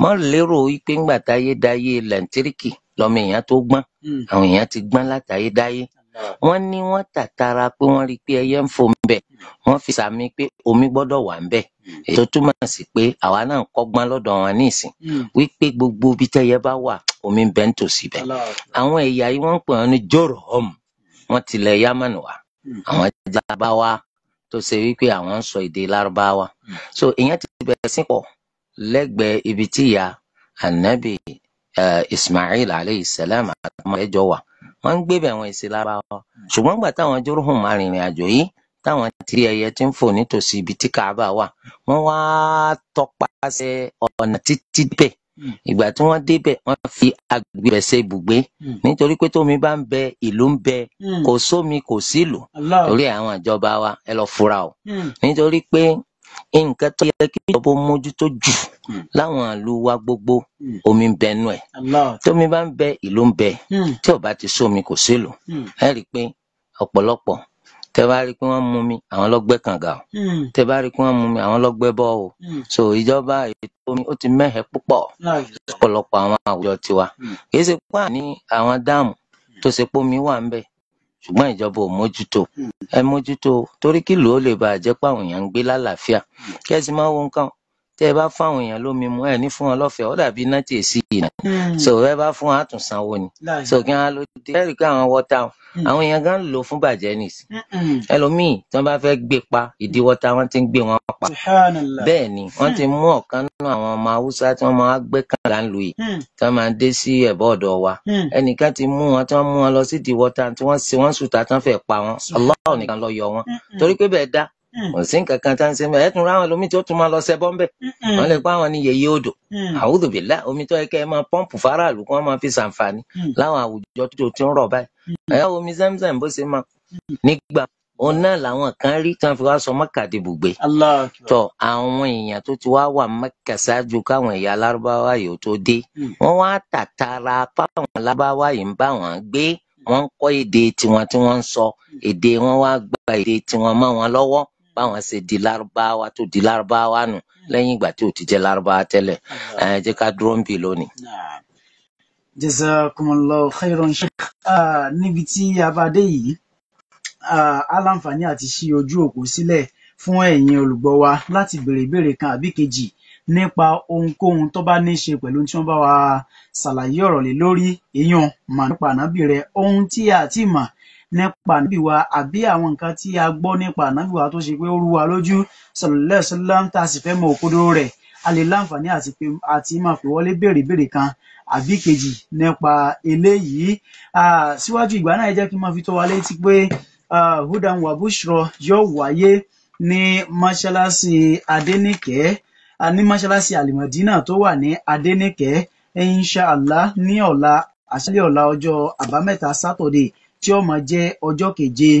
mọ́ hmm. lérò wípé ńgbà táyé dayé lẹ́ńtíríkì lọ́mọ èèyàn tó gbọ́n hmm. àwọn èèyàn ti gbọ́n látayédáyé hmm. wọ́n ní wọ́n tàtara pé wọ́n rí i pé ẹyẹ ń fò ń bẹ̀ hmm. wọ́n fi sàmì pé omi gbọ́dọ̀ wà ń bẹ̀ ètò túmọ̀ sí pé àwa náà kọ́gbọ́n lọ́dọ̀ wọn nísìn wípé gbogbo ibi tẹ́yẹ bá wà omi ń bẹ ń tòsí bẹ̀ àwọn ẹ̀yà yìí wọ́n ń pè wọ́n ní jòrò hom wọ́n tilẹ̀ yámánù wa àwọn jẹ́ lárúbáwá tó ṣe wípé àwọn ń sọ èdè lárúbáwá so ìyẹn ti bẹ̀rẹ̀ sípò lẹ́gbẹ̀ẹ́ ibi tíyà ànábì Eh, Ismail aleyhi salam àtọmọ rẹ̀ jọ wà wọ́n ń gbé bẹ̀ wọn èsì lára wọn ṣùgbọ́n gbà táwọn Jurhum arìnrìn àjò yìí táwọn tí ẹyẹ ti ń fò nítòsí ibi tí Kaaba wà wọ́n wá tọpasẹ̀ ọ̀nà títí bẹ̀ hmm. ìgbà tí wọ́n débẹ̀ wọ́n fi agbègbè rẹ̀ ṣe ibùgbé hmm. nítorí pé tómi bá ń bẹ ìlú ń bẹ hmm. kò sómi kò sílùú torí àwọn ìjọba wa ẹ lọ fura o nítorí pé nǹkan tó yẹ kí ìjọba ó mójútó jù hmm. láwọn ìlú wa gbogbo hmm. omi ń bẹ nú ẹ̀ tómi bá ń bẹ ìlú ń bẹ hmm. tí ò bá ti sómi kò sílùú ẹ rí i pé ọ̀pọ̀lọpọ̀ tẹ bá rí i pé wọ́n mú mi àwọn lọ́gbẹ́ kànga o tẹ bá rí i pé wọ́n mú mi àwọn lọ́gbẹ́ bọ́ o so ìjọba ètò omi ó ti mẹ́hẹ̀ púpọ̀ ọ̀pọ̀lọpọ̀ àwọn àwùjọ tiwa kì í ṣe pé àní àwọn dáàmù tó ṣe pómi wà ń bẹ ṣùgbọ́n ìjọba ò mójútó ẹ mójútó torí kí lòó lè bàa jẹ́ pé àwọn gbé lálàáfíà kí ẹ sì tẹ́ ẹ bá fún àwọn èèyàn lómi mu ẹ ní fún wọn lọ́fẹ̀ẹ́ ó dàbí iná tí èsì ìnà hmm. so ẹ bá fún wọn àtúnsanwó ni so kí wọn ló dé ẹ rí i pé àwọn wọ́tà hmm. àwọn èèyàn gan lò fún bàjẹ́ nìsí hmm. ẹlòmíì tí wọ́n bá fẹ́ gbé pa ìdí wọ́tà wọ́n ti ń gbé wọn pa bẹ́ẹ̀ ni wọ́n ti mú ọ̀kan nínú àwọn ọmọ haúsá tí wọ́n máa gbé kànga ń lu yìí tí wọ́n máa dé sí ẹ̀bọ́ ọ̀dọ̀ wa ẹnìkan ti mú wọn tí wọ́n mú wọn lọ sí ìdí wọ́tà tí wọ́n ṣe wọ́n sùtà tí wọ́n fẹ́ pa wọn Allah nìkan ló yọ wọn torí pé bẹ́ẹ̀ dá Mm. kò sí nǹkan kan tá à ń ṣe mẹ ẹ tún ra àwọn ẹlòmíì tí ó tún máa lọ ṣẹ bọ́ńbẹ́ wọn lè pa àwọn ní yeye odò mm. àwùjọ bìlá omi tó yẹ kẹ ẹ máa pọ́ǹpù faraàlú kí wọ́n máa fi ṣàǹfààní mm. láwọn àwùjọ tó ti ń rọ̀ báyìí ẹ omi zamzam bó ṣe máa nígbà òun náà làwọn kan rí tí wọn fi wá sọ mọ́kà di bùgbé tó àwọn èèyàn tó ti wá wà mọ́kà ṣáájú káwọn ẹ̀yà alárúbáwá yìí ó tó dé wọ́n wá tàtàrà apá àwọn yìí ń bá wọn gbé wọ́n ń kọ́ èdè tiwọn tí wọ́n ń sọ èdè wọn wá gba èdè tiwọn mọ́ wọn lọ́wọ́ báwọn ṣe di lárúbáwá tó di lárúbáwá nù hmm. lẹ́yìn ìgbà tí ò ti jẹ́ lárúbáwá tẹ́lẹ̀ hmm. ẹ jẹ́ ká dúró ń bì lónìí. Hmm. jazakumullahu khairan sheikh ah, níbi tí a bá dé yìí aláǹfààní ah, àti ṣí ojú òpó sílẹ̀ fún ẹ̀yin olùgbọ́ wa láti béèrè ìbéèrè kan àbí kejì nípa ohunkóhun tó bá ní í ṣe pẹ̀lú tí wọ́n bá wa ṣàlàyé ọ̀rọ̀ lé lórí èèyàn mà nípa ànábì rẹ̀ ohun tí a ti mà nípa ànábì wa àbí àwọn nǹkan tí a gbọ́ nípa ànábì wa tó ṣe pé ó rú wa lójú sallallahu alaihi wasallam tá a sì fẹ́ mọ òkodoro rẹ̀ a lè láǹfààní àti pé àti máa fi wọlé béèrè béèrè kan àbí kejì nípa eléyìí síwájú ìgbà náà ẹ jẹ́ kí n máa fi tó wa létí pé hudan wabushro yóò wáyé ní mọ́ṣáláṣí adẹ́nìkẹ́ ní mọ́ṣáláṣí àlìmọ̀dínà tó wà ní adẹ́nìkẹ́ insha ní ọ̀la àṣálẹ́ ọ̀la ọjọ́ àbámẹ́ta sátọ̀dẹ̀ẹ́ tí ó máa jẹ́ ọjọ́ keje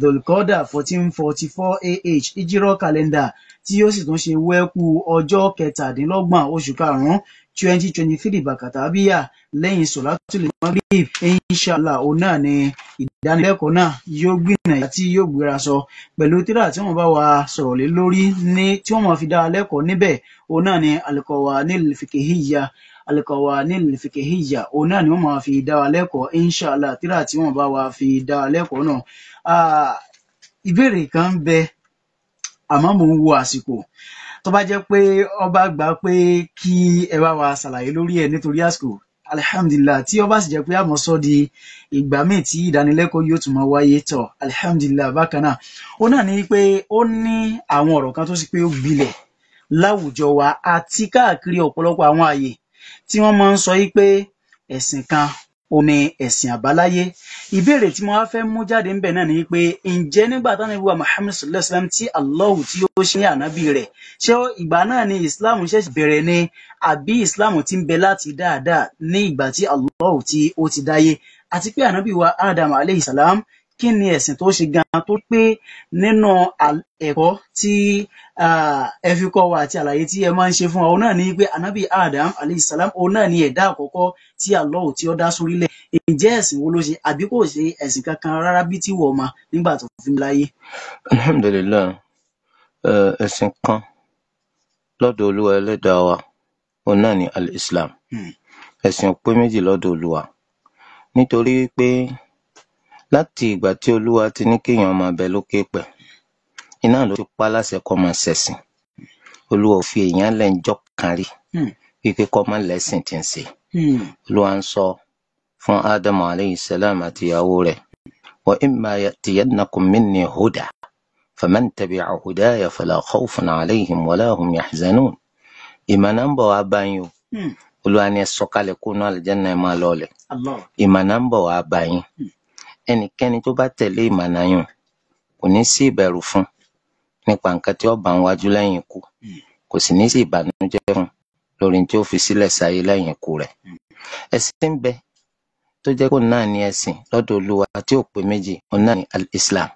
dholkada fourteen forty four AH hijrọ kàlẹ́ndà tí yóò sì tún ṣe wẹ́kú ọjọ́ kẹtàdínlọ́gbọ̀n oṣù karùn-ún twenty twenty three bàkàtàbíyà lẹ́yìn sọ̀látùlù magrib inshallah òun náà ni ìdánilẹ́kọ̀ọ́ náà yóò gbìyànjú tí yóò gbéra sọ pẹ̀lú tírà tí wọ́n bá wa sọ̀rọ̀ lé lórí ní tí wọ́n máa fi dá a lẹ́kọ̀ọ́ níbẹ̀ òun náà ni alqawanil fiqhiyya alqawanil fiqhiyya òun náà ni wọ́n máa fi dá wa lẹ́kọ̀ọ́ inshallah tíra tí wọ́n bá wa fi dá wa lẹ́kọ̀ọ́ náà ìbéèrè kan ń bẹ àmọ́ mò ń wo àsìkò tó bá jẹ́ pé ọba gbà pé kí ẹ bá wa ṣàlàyé lórí ẹ̀ nítorí àsìkò alihamdulilah tí ọba sì jẹ́ pé àmọ́ sọ di ìgbà míì tí ìdánilẹ́kọ̀ọ́ yóò tún máa wáyé tọ̀ alihamdulilah bákan náà ó náà ní pé ó ní àwọn ọ̀rọ̀ kan tó sì pé ó gbilẹ̀ láwùjọ wa àti káàkiri ọ̀pọ̀lọpọ̀ àwọn àyè tí wọ́n máa ń sọ wí pé ẹ̀sìn kan òhun ni ẹ̀sìn àbáláyé. Ìbéèrè tí mo wá fẹ́ mú jáde ńbẹ̀ náà ni pé ǹjẹ́ nígbà tánàbí wa Muhammad sallallahu alaihi wasallam tí Allahu tí ó ṣe ní ànábì rẹ̀, ṣé ìgbà náà ni ìsìláàmù ṣẹ̀ṣẹ̀ bẹ̀rẹ̀ ni àbí ìsìláàmù ti ń bẹ láti dáadáa ní ìgbà tí Allahu tí ó ti dáyé àti pé ànábì wa Ádámù alayhi salam kí ni ẹ̀sìn tó ṣe gan-an tó pé nínú ẹ̀kọ́ tí ẹ fi kọ́ wa àti àlàyé tí ẹ máa ń ṣe fún wa òun náà ni pé anabi adam alayhi salam òun náà ni ẹ̀dá àkọ́kọ́ tí Allah tí ó dá sórílẹ̀ ǹjẹ́ ẹ̀sìn wo ló ṣe àbí kò ṣe ẹ̀sìn kankan rárá bí tí wọ́n ma nígbà tó fi láyé. alhamdulilayi ẹ̀sìn kan lọ́dọ̀ olúwa ẹlẹ́dàá wa òun náà ni al-islam hmm. ẹ̀sìn ò pé méjì lọ́dọ̀ olúwa nítorí pé láti ìgbà tí olúwa ti ní kéèyàn máa bẹ lókè èèpẹ̀ iná ló ti pa á láṣẹ kó máa ṣẹ̀sìn olúwa ò fi èèyàn lẹ̀ ńjọ́ kan rí hmm. wípé kó máa lẹ́sìn tí ń ṣe hmm. olúwa ń sọ fún ádámù aleyhi salam àti ìyàwó rẹ̀ wa imma ya'tiyannakum minni huda faman tabi'a hudaya fala khawfun alayhim wala hum yahzanun ìmọ̀nà ń bọ̀ wá báyìí o hmm. olúwa ni ẹ sọ̀kalẹ̀ kó náà àlùjánnà ẹ máa lọ ọ̀lẹ̀ ìmọ̀nà ń bọ̀ wá ẹnikẹ́ni tó bá tẹ̀lé ìmọ̀nà yẹn kò ní sí ìbẹ̀rù fún un nípa nǹkan tí ó bá ń wájú lẹ́yìn ikú kò sì ní sí ìbànújẹ́ fún un lórí tí ó fi sílẹ̀ sáyé lẹ́yìn ikú rẹ̀. ẹ̀sìn ń bẹ tó jẹ́ kó náà ní ẹ̀sìn lọ́dọ̀ olúwa tí ò pé méjì òun náà ní islam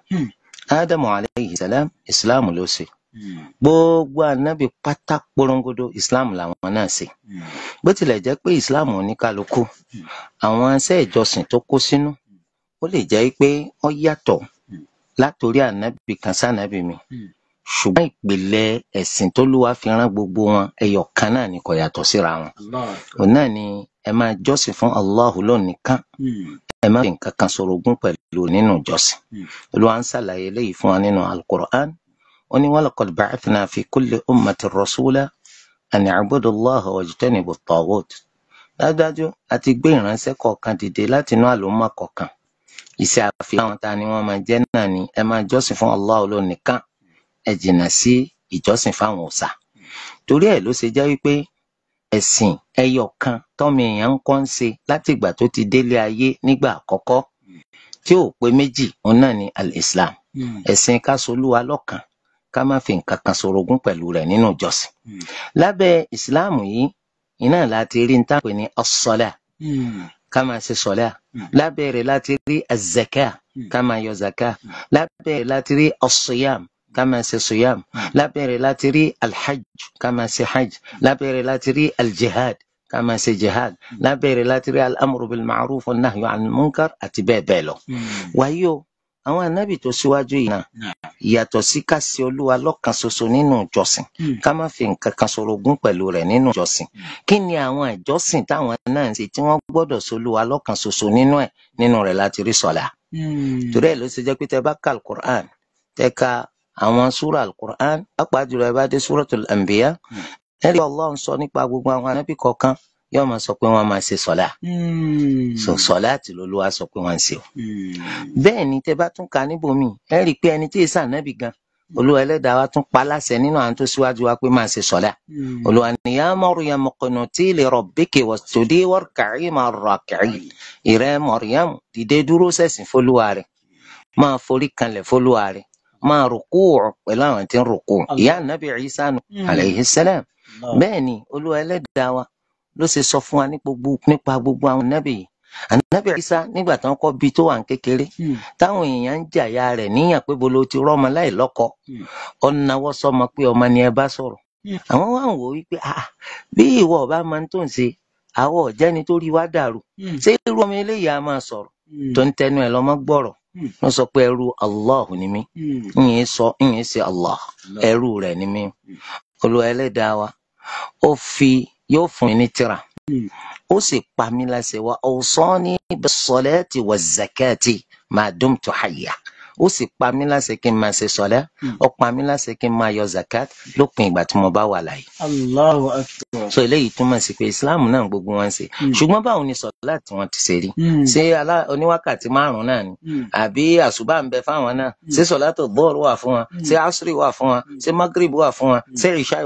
ádámù aleyhi salam islam ló ṣe gbogbo ànábì pátá porongodo islam làwọn náà ṣe bó tilẹ̀ jẹ́ pé islam oníkálukú àwọn iṣẹ́ ìjọsìn tó kó sínú ó lè jẹ́ pé ó yàtọ̀ hmm. látòrí ànábì kan sànábì mi hmm. ṣùgbọ́n ìpìlẹ̀ ẹ̀sìn t'Olúwa fi rán gbogbo wọn ẹyọ kan náà ni kò yàtọ̀ síra wọn. òun náà ni ẹ máa jọ́sìn fún Allahu lónìkan hmm. ẹ má fi nǹkan kan ṣorogún pẹ̀lú nínú ìjọsìn. Olúwa ń ṣàlàyé léyìí fún wa nínú Al-Qur'an ó ní walaqad ba'athna fi kulli ummatin rasula an i'budu Allaha wajtanibu at-taghut. dájúdájú a ti gbé ìránṣẹ́ kọ̀ọ̀kan dìde látinú àlùmọ́ kọ̀ọ̀kan ìṣe àfihàn àwọn ta ni wọ́n máa jẹ́ náà ni ẹ máa jọ́sìn fún Allah olóhùn nìkan ẹ jìnnà sí ìjọ́sìn fáwọn òòṣà torí ẹ̀ ló ṣe jẹ́ wípé ẹ̀sìn ẹyọ kan tọ́mọ èèyàn ń kọ́ ń ṣe látìgbà tó ti délé ayé nígbà àkọ́kọ́ tí ò pé méjì òun náà ni al-Islam hmm. ẹ̀sìn ká solúwa lọ́kan ká má fi nǹkan kan sorogún pẹ̀lú rẹ̀ nínú ìjọsìn hmm. lábẹ́ ìsìláàmù yìí iná láti rí ní táwọn pè ní as ká máa ṣe sọ̀lá hmm. lábẹ́ rẹ̀ láti rí azaka hmm. ká máa yọ zaka hmm. lábẹ́ rẹ̀ láti rí as-siyam ká máa ṣe siyam lábẹ́ rẹ̀ láti rí alhajj ká máa ṣe hajj lábẹ́ rẹ̀ láti rí aljihad ká máa ṣe jihad lábẹ́ rẹ̀ láti rí al-amru bil ma'ruf wan nahyu àwọn ànábì tó síwájú yìí náà yàtọ̀ sí ká ṣe olúwa lọ́kan nínú ìjọsìn hmm. ká má fi nǹkan kan ṣorogún pẹ̀lú rẹ̀ nínú ìjọsìn hmm. kí ni àwọn ìjọsìn táwọn náà ń ṣe tí wọ́n gbọ́dọ̀ ṣe olúwa lọ́kan ṣoṣo nínú ẹ̀ nínú rẹ̀ láti rí sọ̀la. Hmm. torí ẹ̀ ló ṣe jẹ́ pé tẹ bá ka alukur'an tẹ ka àwọn súra alukur'an pàápàá jùlọ ẹ bá dé súratul anbiya ẹ rí Allah ń sọ nípa gbogbo àwọn ànábì kọ̀ọ̀kan yóò máa sọ pé wọ́n máa ṣe sọ́lá hmm. so sọ́lá àti lolúwa sọ pé wọ́n ń ṣe o. Hmm. bẹ́ẹ̀ ni tẹ bá tún ka níbòmíì ẹ rí i pé ẹni tí èsì ànábì gan hmm. olúwa ẹlẹ́dàá wa tún pa láṣẹ nínú àwọn tó síwájú wa pé máa ṣe sọ́lá olúwa ní ya Maryamu qunuti li rabbiki wasjudi warka'i ma'a raki'in ìrẹ́ Maryamu dìde dúró sẹ̀sìn fólúwa rẹ̀ máa forí kanlẹ̀ fólúwa rẹ̀ máa rùkú pẹ̀lú àwọn tí ń rùkú ìyá ànábì Ìsá alayhi salam bẹ́ẹ̀ ni olúwa ẹlẹ́dàá wa ló ṣe sọ fún wa nípa gbogbo àwọn ànábì yìí ànábì Ìsá nígbà tí wọ́n kọ́ bí tó wà ní kékeré hmm. táwọn èèyàn ń jàyà rẹ̀ níyàn pé bolo ti rọ́mọ láì lọ́kọ ọ̀nàwọ́ hmm. sọmọ pé ọmọ ni ẹ bá sọ̀rọ̀ hmm. àwọn wà ń wò wípé ah, bí ìwọ ọba máa ń tó ń ṣe àwọ ọ̀jẹ́ni tó rí wá dàrú ṣé irú ọmọ eléyìí á máa sọ̀rọ̀ tó ń tẹnu ẹ̀ lọ́mọ gbọ́rọ̀ wọ́n sọ pé ẹrú Allah ni mí ìyẹn sọ ìyẹn ṣe Allah ẹrú rẹ̀ ni mí Olúwa ẹlẹ́dàá wa ó fi yóò fún mi ní tírà hmm. ó sì pa mí láṣẹ wa awsani bis-salati waz-zakati ma dumtu hayya ó sì pa mí láṣẹ kí n máa ṣe sọlẹ hmm. ó pa mí láṣẹ kí n máa yọ zakat lópin ìgbà tí mo bá wà láyé. Allahu akbar. so eléyìí túmọ̀ sí pé islam náà gbogbo wọn ṣe hmm. ṣùgbọ́n báwo ni sọlá tí wọ́n ti ṣe rí ṣé oníwákàtí márùn náà ni àbí àṣùbà ń bẹ fáwọn náà ṣé sọlá tó bọ́ọ̀lù wà fún wọn ṣé asri wà fún wọn ṣé magrib wà fún wọn ṣé ìṣáì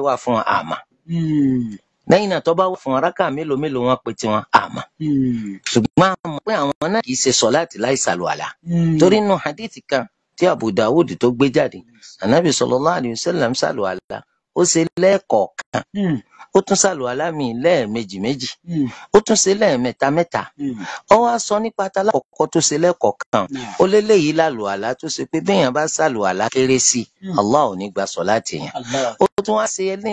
lẹ́yìn náà tó bá wà fún aráka mélòó mélòó wọn pe tiwọn àmọ́ hmm. ṣùgbọ́n àmọ́ pé àwọn náà kì í ṣe sọ̀láàtì láì ṣàlùwàlà hmm. torí inú hadithi kan tí Abu Dawud tó gbé jáde anabi sallallahu alayhi wa sallam ṣàlùwàlà ó ṣe lẹ́ẹ̀kọ̀ọ̀kan hmm. ó tún ṣàlùwàlà mi lẹ́ẹ̀mejì méjì ó tún ṣe lẹ́ẹ̀mẹ́ta mẹ́ta ó wá sọ nípa talákọ̀ọ́kọ́ tó ṣe lẹ́ẹ̀kọ̀ọ̀kan ó lé léyìí lálùwàlà tó ṣe pé béèyàn bá ṣàlùwàlà kéré sí Allah ò ní gba sọ̀láàtì yẹn ó tún wá ṣe ní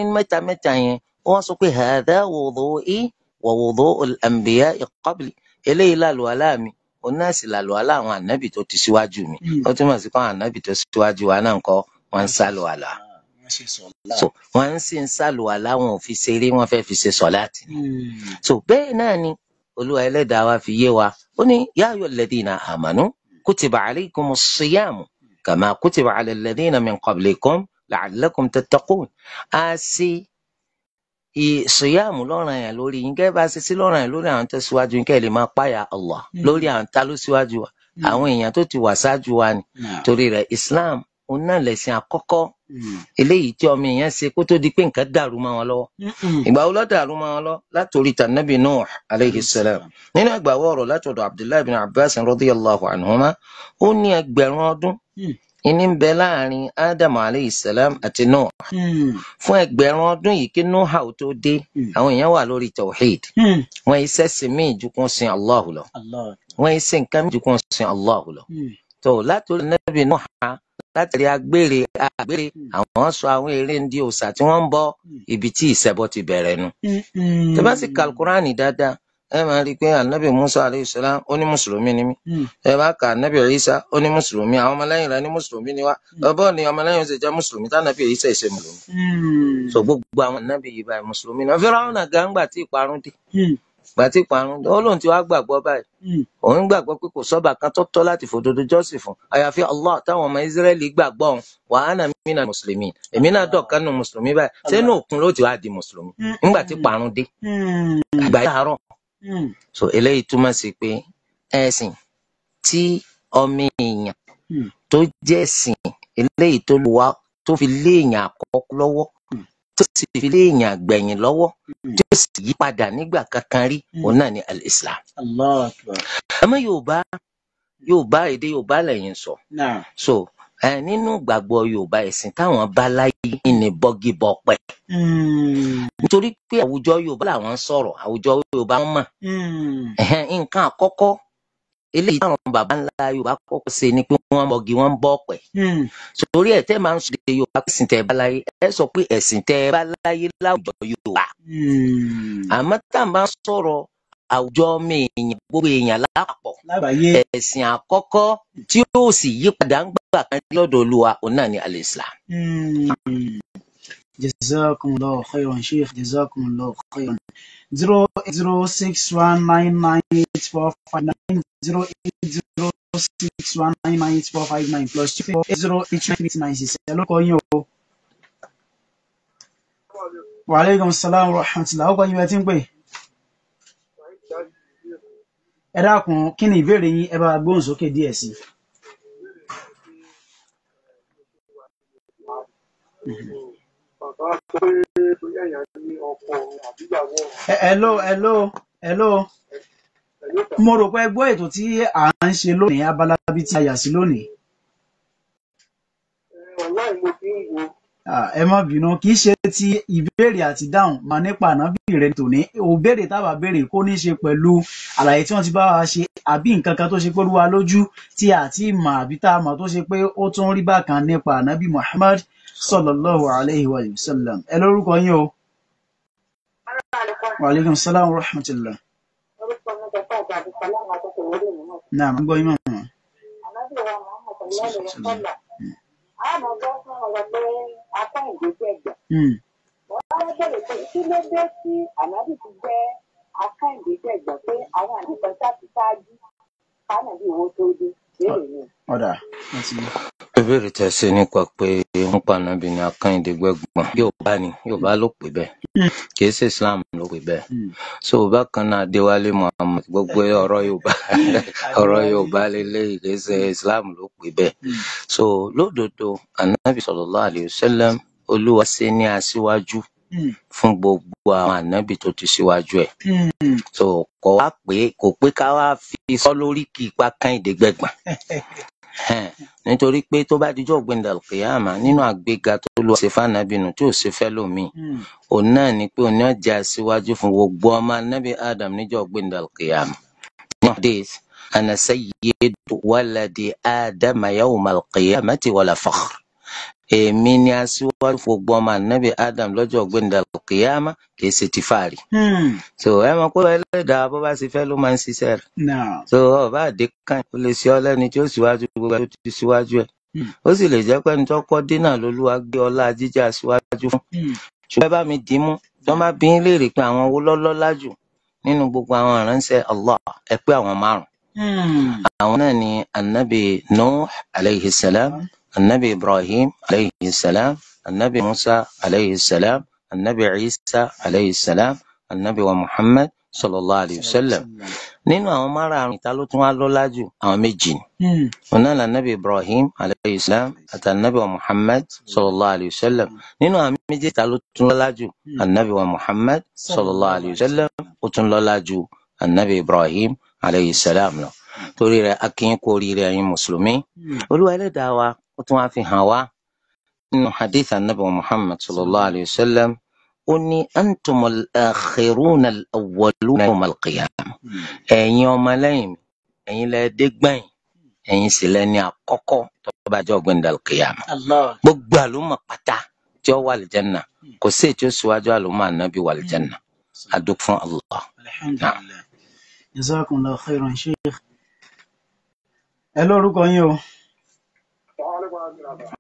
ó wá sọ pé hadha wudu'i wa wudu'ul anbiya'i qabli eléyìí làlùwàlá mi òun náà sì làlùwàlá àwọn ànábì tó ti síwájú mi hmm. ó túmọ̀ sí pé àwọn ànábì tó síwájú wa náà kọ́ wọ́n ń sálùwàlá hmm. so wọ́n ń sì ń wọn ò fi ṣeré wọ́n fẹ́ fi ṣe sọ̀láàtì ni so bẹ́ẹ̀ náà ni olúwa ẹlẹ́dàá wa fi yé wa ó ní ya ayyuhal ladhina amanu kutiba alaykumus siyamu kama kutiba alal ladhina min ìsòyàmù lọ́ràn yẹn lórí yín gẹ́gẹ́ bá ṣe sí lọ́ràn yẹn lórí àwọn tó síwájú yín kẹ́ ẹ lè máa páyà Allah hmm. lórí àwọn tá ló síwájú wa hmm. àwọn èèyàn tó ti wà ṣáájú wa ni hmm. torí rẹ̀ Islam òun náà lẹ̀sìn àkọ́kọ́ eléyìí tí ọmọ èèyàn ṣe kó tó di pé nǹkan dàrú mọ́ wọn lọ́wọ́ ìgbà wo ló dàrú mọ́ wọn lọ látòrí tànàbì Nuh alayhi salam nínú ìgbà wọ̀rọ̀ látọ̀dọ̀ Abdullahi bin Abbas radiyallahu anhuma ìní ń bẹ láàrin ádámù aleyhisselam àti noah hmm. fún ẹgbẹ̀rún ọdún yìí kí noah ò tó dé hmm. àwọn èèyàn wà lórí tawhid hmm. wọn iṣẹ́ sin mí ìjùkún sin allah lọ wọn iṣẹ́ nǹkan mí ìjùkún sin allah lọ tó látòrí nàbì noah látàrí agbére agbére àwọn sọ àwọn eré ndí òòṣà tí wọ́n ń bọ ibi tí ìṣẹbọ ti bẹ̀rẹ̀ nu. tẹ́bá sì dáadáa ẹ máa rí i pé anabi musa alayhi salam ó ní mùsùlùmí ni mí hmm. ẹ bá ka anabi isa ó ní mùsùlùmí àwọn ọmọlẹ́yìn rẹ̀ ní mùsùlùmí ni wá hmm. ọbọ ni ọmọlẹ́yìn ó sì jẹ́ mùsùlùmí tá anabi isa ìṣe mùsùlùmí. Hmm. sọ gbogbo àwọn anabi yìí báyìí mùsùlùmí náà Fíráúnà gàǹgbà tí ìparun dé gbà tí ìparun dé ó lóun ti wá gbàgbọ́ báyìí òun gbàgbọ́ pé kò sọ́ba kan tó tọ́ láti fòdodo jọ́sìn fún àyàfi Allah táwọn ọmọ Ísírẹ́lì gbàgbọ́ òun wa ana mina mùsùlùmí èmi náà dọ̀kan nù mùsùlùmí báyìí sẹ́nu òkun ló ti wá di mùsùlùmí nígbà tí ìparun dé àgbáyé àárọ̀ Hmm. so eléyìí túmọ̀ sí pé ẹ̀sìn tí ọmọ èèyàn hmm. tó jẹ́ ẹ̀sìn eléyìí tó lù wá tó fi lé èèyàn àkọ́kọ́ lọ́wọ́ hmm. tó sì fi lé èèyàn àgbẹ̀yìn lọ́wọ́ tí sì yí padà nígbà kankan rí òun náà ni al-Islam. àmọ́ Yorùbá Yorùbá èdè Yorùbá lẹ́yìn sọ. so ẹ nínú gbàgbọ́ Yorùbá ẹ̀sìn táwọn bá láyé ní bọ́gìbọ̀ pẹ̀ nítorí pé àwùjọ Yorùbá làwọn ń sọ̀rọ̀ àwùjọ Yorùbá wọn mọ̀ hmm. nǹkan àkọ́kọ́ eléyìí táwọn bàbá ńlá Yorùbá kọ́kọ́ ṣe ni pé wọ́n bọgi wọ́n ń bọ ọ̀pẹ̀ hmm. sórí ẹ̀ tẹ́ máa ń sọdẹ Yorùbá pé ẹ̀sìn tẹ́ bá láyé ẹ sọ pé ẹ̀sìn tẹ́ bá láyé láwùjọ Yorùbá hmm. àmọ́ tá à ń bá sọ̀rọ̀ àwùjọ ọmọ èèyàn gbogbo èèyàn lápapọ̀ ẹ̀sìn àkọ́kọ́ tí ó sì yípadà ń gbà kan lọ́dọ̀ Olúwa òun náà ni alẹ́ Islam. جزاكم الله خيرا شيخ جزاكم الله خيرا 08061998459 08061998459 plus 2408996 hello koyin o wa alaikum salam wa rahmatullahi o koyin ẹ tí ń pè ẹ dákun kí ni ìbéèrè yín ẹ bá gbóhùn sókè díẹ̀ sí i. Mm-hmm bàbá pé bóyá èèyàn ní ọkọ òun hello hello hello mo rò pé gbọ́ ètò tí à ń ṣe lónìí abala bíi ti a yà sí lónìí. ọ̀la ìmọ̀ fi ń wo ẹ má bínú kì í ṣe ti ìbéèrè àti dáhùn máa nípa ànábì rẹ tòní òbéèrè tábà béèrè kó ní ṣe pẹ̀lú àlàyé tí wọ́n ti bá wa ṣe àbí nǹkan kan tó ṣe pé olúwa lójú tí àti ìmọ̀ àbí tá a mọ̀ tó ṣe pé ó tún rí bákan nípa ànábì Muhammad sallallahu alayhi wa sallam ẹ lórúkọ yín o. wa aleykum salaam wa rahmatullah. orúkọ mi kò fẹ́ ìjà àbúkọ láwọn akẹ́kọ̀ọ́ lórí mi náà. náà mo gbọ́ yín mọ̀ ànábì wa Muhammad sallallahu alayhi wa sallam. àmọ̀gbọ́ fún ọ̀rọ̀ pé apá ìgbésẹ̀ gbà. wọ́n wá bẹ̀rẹ̀ pé kí ló dé tí ànábì ti jẹ́ apá ìgbésẹ̀ gbà pé àwọn àdìpọ̀ sá owó tó ọ̀dà wọ́n ti. ìbéèrè tẹ́ ṣe nípa pé ń pànàbí ni akányìndé gbẹ́gbọ̀n yorùbá ni yorùbá ló pè bẹ́ẹ̀ kìí ṣe islam ló pè bẹ́ẹ̀ hmm. so bákan náà adéwálé muhammed gbogbo ọ̀rọ̀ yorùbá hmm. ọ̀rọ̀ yorùbá lélẹ́yìí kìí ṣe islam ló pè bẹ́ẹ̀ hmm. so lódodo anabi sallallahu alayhi wa sallam olúwa ṣe ní aṣíwájú. Hmm. fún gbogbo àwọn ànábì tó ti síwájú ẹ̀. Hmm. so kò wá pé kò pé ká wá fi sọ lórí kí ipa kan èdè gbẹ̀gbọ̀n. nítorí pé tó bá dijọ́ gbẹ̀ndà kìyàmà nínú àgbéga tó lu ọ̀sẹ̀ fànàbìnú tí ò ṣe fẹ́ lómìn hmm. òun náà ni pé òun náà jẹ́ aṣíwájú fún gbogbo ọmọ ànábì Adam níjọ́ gbẹ̀ndà kìyàmà. nowadays ana sayyidu waladi Adama yawmal qiyamati wala fakhr. Èmi ni aṣíwájú fún gbogbo ọmọ ànábì Adam lọ́jọ́ ọ̀gbẹ́ni Al-Qiyama kìí ṣe ti fàárì. Hmm. So ẹ mọ̀ pé ẹlẹ́dàá bó bá ṣe fẹ́ ló máa ń ṣiṣẹ́ rẹ̀. So ọba àdékàn ó lè ṣe ọ lẹ́ni tí ó ṣíwájú gbogbo ẹni tó ti ṣíwájú ẹ̀. Hmm. Ó sì lè jẹ́ pé ẹni tó kọ́ dínà lolúwa gbé ọlá jíjẹ́ aṣíwájú fún. Hmm. Ṣùgbọ́n ẹ bá mi dì tí wọ́n bá bí ń léèrè pé àwọn wo lọ́lọ́lá jù nínú gbogbo àwọn ìránṣẹ́ Allah ẹ pé àwọn márùn-ún. Àwọn náà ni Ànábì Nuh alayhi salam. النبي إبراهيم عليه السلام النبي موسى عليه السلام النبي عيسى عليه السلام النبي ومحمد sallallahu alayhi wa sallam nínú àwọn márààrún ìta ló tún wá lọ́lá jù àwọn méjì ni ọ̀nà ànàbì ibrahim alayhi salam àti ànàbì wa muhammad sallallahu alayhi wa sallam nínú àwọn méjì ìta ló tún lọ́lá jù ànàbì wa muhammad sallallahu alayhi wa sallam ó tún lọ́lá jù ànàbì ibrahim alayhi salam lọ torí rẹ̀ akínyìn kú oríire ẹ̀yin mùsùlùmí olúwa ẹlẹ́dàá wa ó tún wáá fi hàn wá nínú hadith anabi muhammad sallallahu alayhi wa sallam ó ní antumul akhiruna al-awwaluna yawmal qiyamah ẹ̀yin ọmọlẹ́yìn mi ẹ̀yin lẹ dé gbẹ̀yìn ẹ̀yin sì lẹ ní àkọ́kọ́ tó bá jọ gbẹndà al-qiyamah gbogbo àlùmọ pátá tí ó wà lìjẹnà kò sí ètò síwájú àlùmọ ànábì wà lìjẹnà adúg fún allah. alhamdulilayi jazakumullahu khairan sheikh ẹ lórúkọ yín o.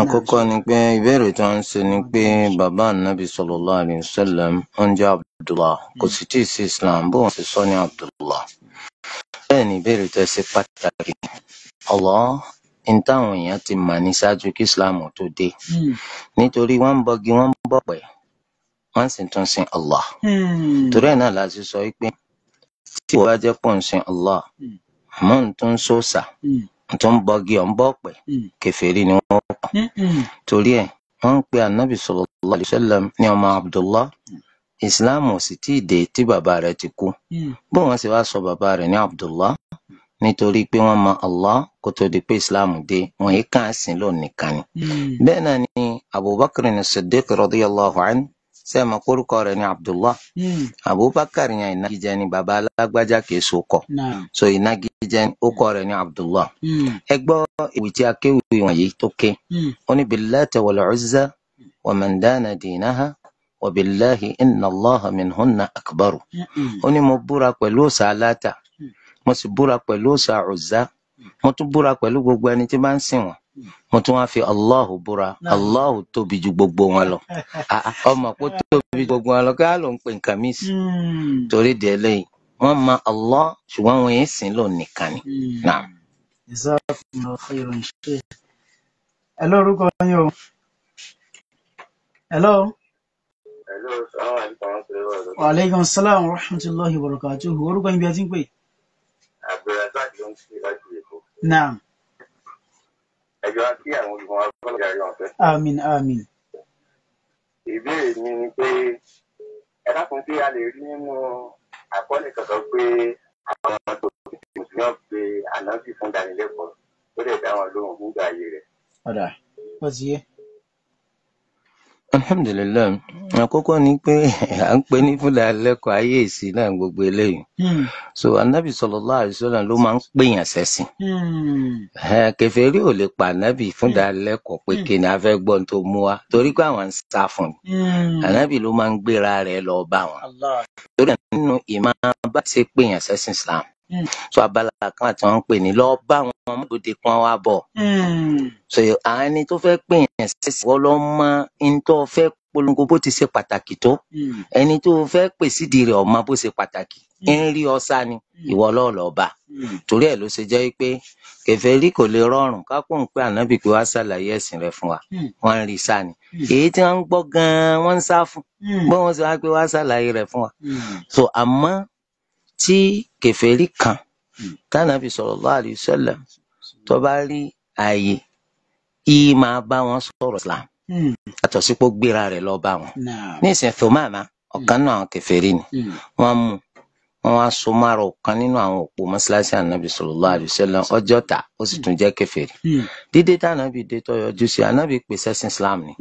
àkọ́kọ́ ni pé ìbéèrè tó ń ṣe ni pé bàbá anabi sallallahu alayhi wa sallam ó abdullah kò sì tí ì sí islam bó wọn sọ ní abdullah bẹ́ẹ̀ ni ìbéèrè tó ṣe pàtàkì Allah n táwọn èèyàn ti mà ní ṣáájú kí islam tó dé hmm. nítorí wọ́n ń bọgi wọ́n ń bọ̀pẹ̀ wọ́n sì tún sin Allah hmm. torí ẹ̀ náà la ti sọ pé tí ìwọ bá jẹ́ pọ̀ ń sin Allah hmm. àmọ́ ń tún sóòsà. So tó ń bọgi ọ̀ ń bọ̀ pẹ̀ hmm. kèfèrí ni wọ́n kù hmm, hmm. torí ẹ̀ wọ́n ń pe anabi sallallahu alaihi wasallam ní ọmọ abdullah islam ò sì tí ì dé tí bàbá rẹ̀ ti kú bó wọ́n sì wá sọ bàbá rẹ̀ ní abdullah nítorí pé wọ́n mọ allah kó tó di pé islam dé wọ́n yìí kàn sí lónìí kan ni bẹ́ẹ̀ náà ni abubakar ní siddiq radiyallahu anhu sẹ́mi kórúkọ rẹ̀ ní abdullah abubakar yẹn ìnagijẹ ni bàbá alágbájá kìí so kọ orúkọ rẹ̀ ni Abdullah hmm. ẹ gbọ́ ewì tí akéwì wọ̀nyí tó ké hmm. ó ní billati wal uzza wa man dana dinaha wa billahi inna allaha minhunna akbaru hmm. ó ní mo búra pẹ̀lú òòṣà aláta mo sì búra pẹ̀lú òòṣà Uzza mo tún búra pẹ̀lú gbogbo ẹni tí bá ń sìn wọ́n mo tún wá fi Allahu búra Allahu tóbi ju gbogbo wọn lọ ah, ah, ọmọ kó tóbi ju gbogbo wọn lọ kí á ló ń pè nǹkan mí sí torí délé wọ́n mọ Allah ṣùgbọ́n wọn yẹn sìn lò nìkan ni. ẹ hmm. lórúkọ yín o. hello. wa aleykum salaam wa rahmatulahi wa barakatuhu orúkọ yín bí ẹ ti ń pè. abdulrasaq ló ń pè láti èkó. naam. ẹjọ́ kí àwọn olùkọ́ wa bọ́lá yàrá yàn fẹ́. àmín àmín. ìbéèrè mi ni pé ẹ dákun tí a lè rí nínú àkọ́nìkan sọ pé àwọn tó ti mùsùlùmí ọ̀pẹ ànábì fún ìdánilẹ́kọ̀ọ́ tó dẹ̀ dá wọn lóhùn nígbà ayé rẹ̀. ọ̀dà ó ti yé. Alhamdulillah, àkọ́kọ́ ni pé à ń pe ní fúnra lẹ́kọ̀ọ́ ayé ìsìn náà gbogbo eléyìí. Hmm. So Anabi sallallahu alaihi ló máa ń pèèyàn sẹ́sìn. Hmm. Kèfèrí ò lè pa Anabi fúnra hmm. lẹ́kọ̀ọ́ pé kí a tó mú wa torí pé àwọn ń sá fún mi. Anabi ló máa ń gbéra rẹ lọ bá wọn. Torí nínú ìmọ̀ bá pèèyàn Islam. Mm. so abala kan àti wọn ń pè ní lọ bá wọn mọdòde kan wá bọ. Mm. so àwọn ẹni tó fẹ́ pè yẹn sẹ́sì wọ́n lọ mọ ẹni tó fẹ́ polongo bó ti ṣe pàtàkì tó mm. ẹni tó fẹ́ pè sídìí rẹ̀ ọ̀ma bó ṣe pàtàkì ń rí ọsá ni ìwọ lọ́ọ̀lọ́ bá torí ẹ̀ ló ṣe jẹ́ pé kèfèrí kò lè rọrùn kápò ń pé ànábì pé wàá ṣàlàyé ẹ̀sìn rẹ̀ fún wa wọ́n ń rí sá ni èyí tí wọ́n ń gbọ́ gan-an wọ́n ń sá fún bó wọ́n ṣe wá pé wàá ṣàlàyé rẹ̀ fún wa so àmọ́ tí kèfèrí kan tánàbì sallallahu alayhi wa sallam tó bá rí ààyè yìí máa bá wọn sọ̀rọ̀ Islam yàtọ̀ sí pé ó gbéra rẹ̀ lọ bá wọn. ní ìsìn Thumama ọ̀kan náà àwọn kèfèrí ni hmm. Hmm. wọ́n mú wọ́n wá so márùn kan nínú àwọn òpó mọ́ṣáláṣí ànábì sallallahu alayhi wa sallam ọjọ́ ta ó sì tún jẹ́ kèfèrí. Hmm. dídé tá ànábì dé tó yọjú sí ànábì pèsè ẹ̀sìn Islam ni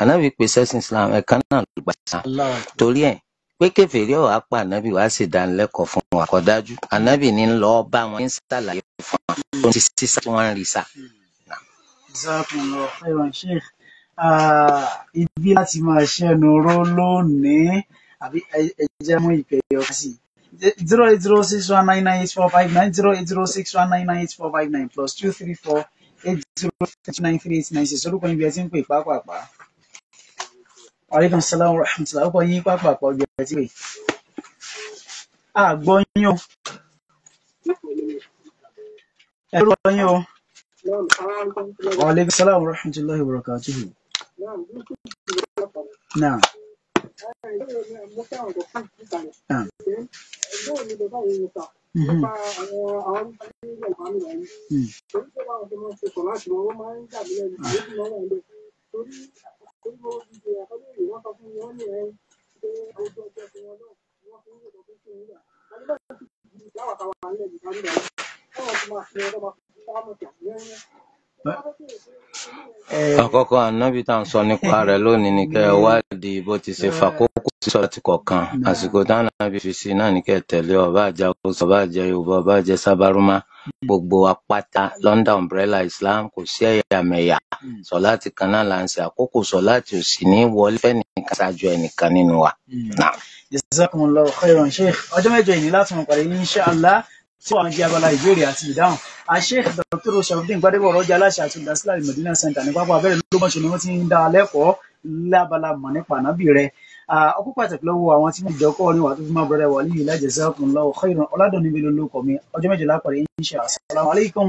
ànábì pèsè ẹ̀sìn Islam ẹ̀ka náà ló gbà sá torí ẹ̀ pé kèfèrí ọ̀hún apá ànábì wàá sì dánilẹ́kọ̀ọ́ fún wa kò dájú ànábì ní lọ bá wọn ní sàlàyé fún wa tó ti sísá tí wọ́n ń rí sá. ibi láti máa ṣẹ́nu ró lónìí àbí ẹ mú ìpè ọkọ sí zero eight zero six one nine nine eight four five nine zero eight zero six one nine nine eight four five nine plus two three four eight zero two nine three eight nine six orúkọ ibi ẹ ti ń pè pápápá. Aleykum salaam wa rahmatulah. Ó kọ yí pápá àpá ọjọ́ ẹ̀ tí pè. A gbọ́ yín o. Ẹ lọ́wọ́ yín o. Aleykum 我今天，反正我高兴，我愿意。反正工作在东莞，我工作都挺好的。反正那，那我台湾的，台湾的，那他妈谁的嘛？他们讨厌的。Àkọ́kọ́ ànábì tá à ń sọ nípa rẹ̀ lónìí ni kẹ́ ẹ wádìí bó ti ṣe fàkókò sí sọ́láàtì kọ̀ọ̀kan. Àsìkò tánábì fi sí náà ni kẹ́ ẹ tẹ̀lé ọ̀bá àjẹ Haúsá, ọ̀bá àjẹ Yorùbá, ọ̀bá àjẹ Sábárúmá. Gbogbo apáta London umbrella Islam kò sí ẹ̀yàmẹ̀yà. Sọ̀láàtì kan náà là ń ṣe àkókò sọ̀láàtì ò sì ní wọlé fẹ́nìkan ṣáájú ẹnìkan nínú wa. Hmm. Jazakumullahu khairan Ọjọ́ mẹ́jọ ìní láti mọ̀ pàdé ní insha Allah tí wàá jẹ abala ìbéèrè àti ìdáhùn àṣeyẹkì dr sharafdin gbadebo ọrọjà aláṣẹ àti olùdásílẹ̀ alimọdínà center ní pápá abẹ́rẹ́ lọmọṣọ ni wọn ti ń dá lẹ́kọ̀ọ́ lábala mọ nípa ànábì rẹ ọkọ pàtàkì lọ́wọ́ àwọn tí wọn jọ kọ ní wàá tó fi máa bọrẹ wà níyì lájẹsẹ ọkùnrin lọ́wọ́ khairan ọládùn níbi ló mi ọjọ́ méjìlá pàdé insha Allah assalamu alaikum.